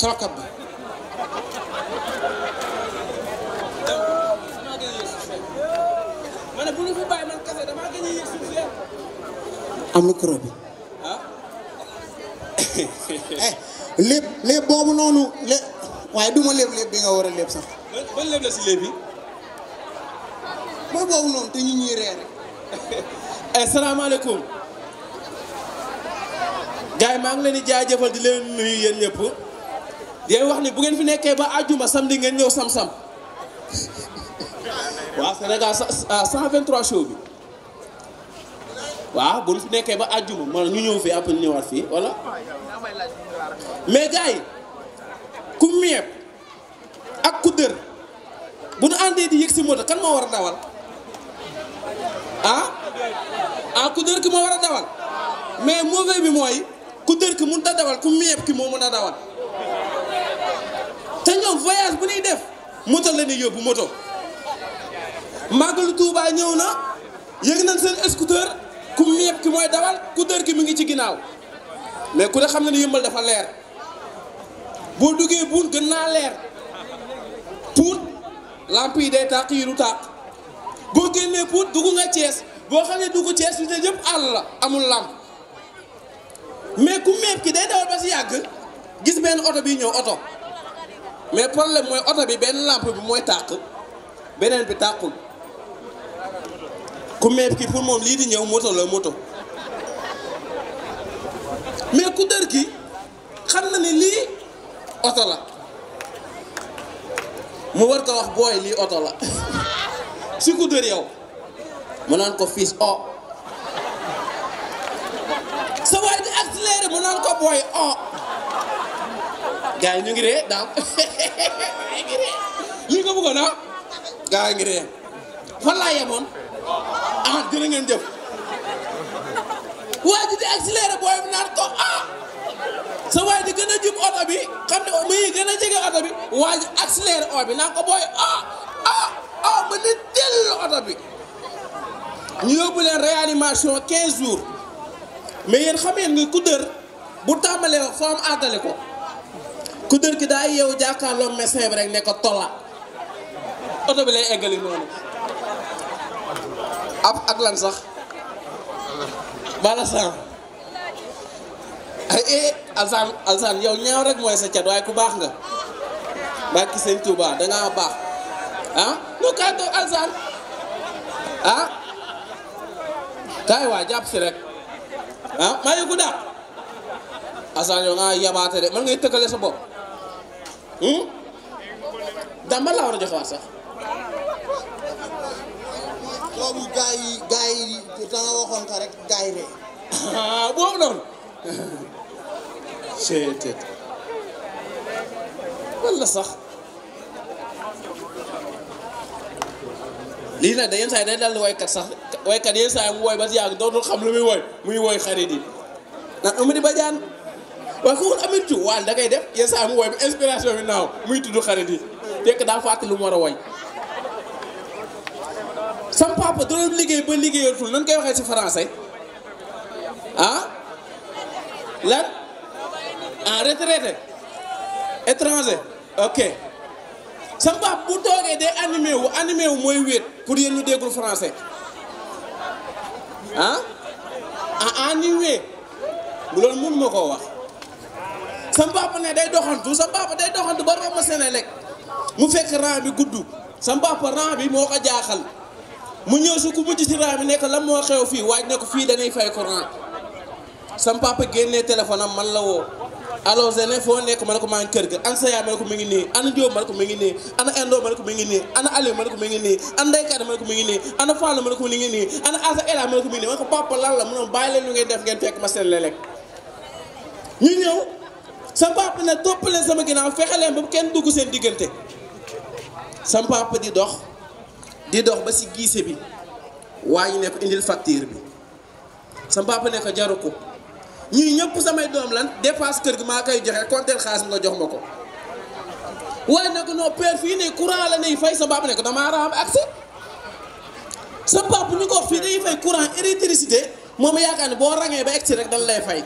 sa rakkat bi am ah. bi eh, lépp lépp boobu noonu lépp waaye duma lépp lépp bi nga war a lépp sax ban lépp la si lépp boobu noonu te ñu ñuy reer asalaamaaleykum eh, gars yi maa ngi leen di jaajëfal di leen nuyu yéen yéen wax ni bu ngeen fi nekkee ba àjjuma samedi ngeen ñëw sam-sam waaw Sénégal 123 ah, show bi waaw bu ñu fi nekkee ba àjjuma man ñu ñëw fii après ñu fii voilà mais gars yi ku meeb ak ku dër bu ñu àndee di yëg si moto kan moo war a dawal ah ah ku dër ki moo war a dawal mais mauvais bi mooy ku dër ki mun a dawal ku meeb ki moo mën a dawal. te ñoom voyage bu ñuy def moto la ñuy yóbbu moto màggalu Tuubaa ñëw na yëg nañ seen scooter ku ñëpp ki mooy dawal ku dër ki mu ngi ci ginnaaw mais ku ne xam na ni yëmbal dafa leer boo duggee buun gën naa leer puut lamp yi day tàq yi du tàq boo génnee puut dugg nga Cees boo xam ne dugg Cees li te yëpp àll la amul làmp mais ku meeb ki day dawal ba si yàgg gis benn oto bii ñëw oto mais problème mooy oto bi benn lampe bi mooy tàkk beneen bi tàkkul ku meeb ki pour moom lii di ñëw moto la moto mais ku dër ki xam na ni lii oto la mu war ko wax booy lii oto la si ku dër yow mu naan ko fiis o oh. sa waay di accéléré mu naan ko booy o oh. gaa yi ñu ngi ree lii nga bëggoon ah gaa yi ngi ree fan laa yemoon ah ngeen jëf waa di accéléré booy bi naan ko ah sa waay di gën a jub oto bi xam ne muy gën a jege oto bi waa ji accéléré bi naan ko booy ah ah ah ba ne oto bi ñu yóbbu leen réanimation 15 jours mais yéen xam ngeen nga ku dër bu tàmbalee foo am àggale ko. ku dër ki daa yeewu jàkkaarloo médecin bi rek ne tola oto bi lay eggali noonu ab ak lan sax bala san ay eh alsan eh, alsan yow ñaaw rek mooy sa cat waaye ku baax nga barki sëñ Tuuba dangaa baax ah no kaay toog ah kaay waa jàpp si rek ah maa yëgu daal alsan yow nga yabaate de man ngay tëkkale sa bopp daan man war a joxewaat sax boobu gaa yi gaa seeteet walla sax lii nag yenn saa yi day dal di woykat sax woykat yenn saa yi mu woy ba si yàgg dootul xam lu muy woy muy woy xarit yi naan Amady Badiane waaye ku wut amin waaye da ngay def yenn saa mu woy ba inspiration bi naaw muy tudd xarit yi fekk daa fàtte lu mu war a woy sam doon liggéey ba liggéeyatul nan koy waxee ci français ah lan ah retraité étranger ok sam bu toogee day animé wu animé wu mooy wéet pour yéen ñu déggul français ah ah animé bu loolu mënuma koo wax sa papa ne day doxantu sama papa day doxantu ba romb Senelec mu fekk rang bi gudd sama papa rang bi moo ko jaaxal mu ñëw su ku mujj si rang bi nekk lan moo xew fii waaj ne ko fii dañuy fay courant sa papa génnee téléphone man la woo alors Zene foo nekk ma ne ko ma ne ko mi ngi nii ana Diop ma ne ko mi ngi nii ana ma ne ko mi ngi nii ana Aliou ma ne ko mi ngi ma ngi nii ana Fallou ma ne ko ma ngi nii ma ne ko papa lan la a ne bàyyi leen lu ngeen def ngeen fekk ma seen lelek ñu ñëw sa papa nag topp leen sama ginnaaw fexe leen ba kenn dugg seen diggante sa papa di dox di dox ba si giise bi waa ñu ne ko indil facture bi sa papa ne ko jaru ko ñuy ñëpp samay doom lan dépasse kër gi maa koy joxe compter xaalis nga jox ma ko. waaye nag non père fii ne courant la nay fay sa papa ne ko damaa raam accès sa ko wax fii fay courant électricité moom yaakaar ne boo rangee ba egsi rek dañ lay fay.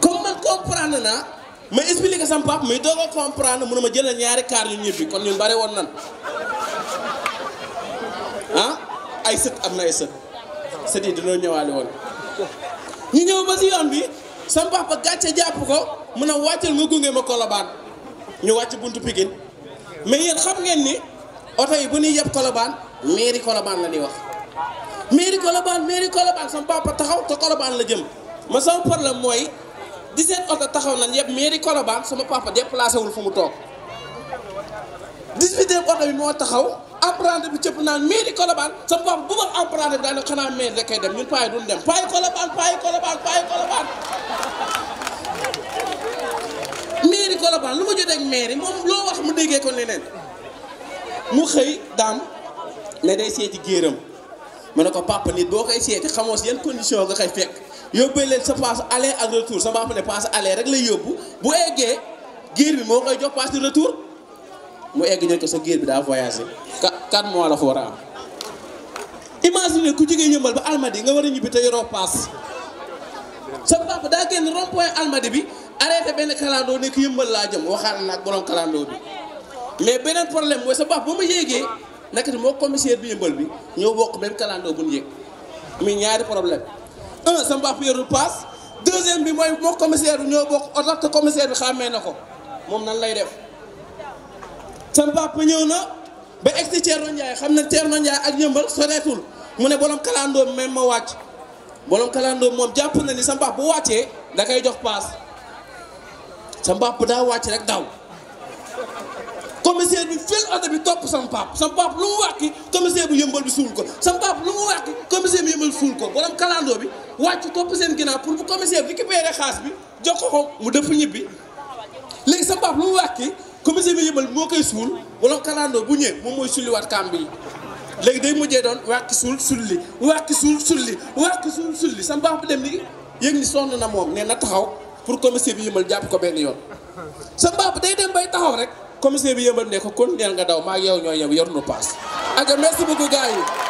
comme man comprendre naa ma expliqué sama papa muy doog a comprendre mu ne ma jëlal ñaari kaar ñu ñibbi kon ñun bare woon nan ah ay sët am na ay sët sët yi dañoo ñëwaale woon ñu ñëw ba si yoon bi sama papa gàcce jàpp ko mu ne wàccal nga gunge ma kolobaan ñu wàcc buntu Pikine mais yéen xam ngeen ni oto yi bu ñuy yeb kolobaan mairie kolobaan la ñuy wax mairie kolobaan mairie kolobaan sama a taxaw te kolobaan la jëm ma sama problème mooy di 17 oto taxaw nañ yëpp mairie Colobane sama papa déplacé wul fu mu toog 18 oto bi moo taxaw apprenti bi cëpp naan mairie Colobane sama papa bu ma apprenti bi daanaka xanaa mairie rek kay dem ñun paa yi duñ dem paa yi Colobane paa yi Colobane paa yi Colobane mairie Colobane lu ma jotee ak mairie moom loo wax mu déggee ko leneen mu xëy daan ne day seeti géeram ma ne ko papa nit boo koy seeti xamoo si condition nga koy fekk. yóbbee leen sa passe aller ak retour sa baax ne passe aller rek lay yóbbu bu eggee giir bi moo koy jox passe de retour mu egg ñu ko sa giir bi daa voyagé. ka quatre mois la fa war a am. ku jigéen yëmbal ba almadi nga war a ñibbi te yoroo passe sa papa daa génn rond point almadi bi arrêté benn kalandoo nekk yëmbal laa jëm waxaale la ak borom kalandoo bi mais beneen problème mooy sa papa ba mu yéegee naka moo commissaire bi yëmbal bi ñoo sa sama papa yorul paas deuxième bi mooy moo commissaire bi ñoo bokk oto te commissaire bi xàmmee na ko moom nañ lay def sa papa ñëw na ba egg si Thierno Ndiaye xam ne Thierno Ndiaye ak ñëmbal soreetul mu ne borom kalandoo bi même ma wàcc borom kalandoo moom jàpp na ni sa papa bu wàccee da koy jox paas sa papa daa wàcc rek daw. commissaire bi fil topp sama pap sama pap lu mu wàkki commissaire bi yëmbal bi suul ko sama pap lu mu wàkki commissaire bi yëmbal suul ko borom kalandoo bi wàcc topp seen ginnaaw pour bu commissaire bi récupéré xaas bi ko ko mu dëpp ñibbi léegi sama pap lu mu wàkki commissaire bi yëmbal bi moo koy suul borom kalandoo bu ñëwee moom mooy sulliwaat kàmb yi léegi day mujjee doon wàkki suul sulli wàkki suul sulli wàkki suul sulli sama na moom nee na taxaw pour commissaire bi yëmbal jàpp ko benn yoon sama pap day dem bay taxaw rek commissaire bi yëmbal ne ko kon neel nga daw maa ak yow ñoo yem yor nu paas. ak merci beaucoup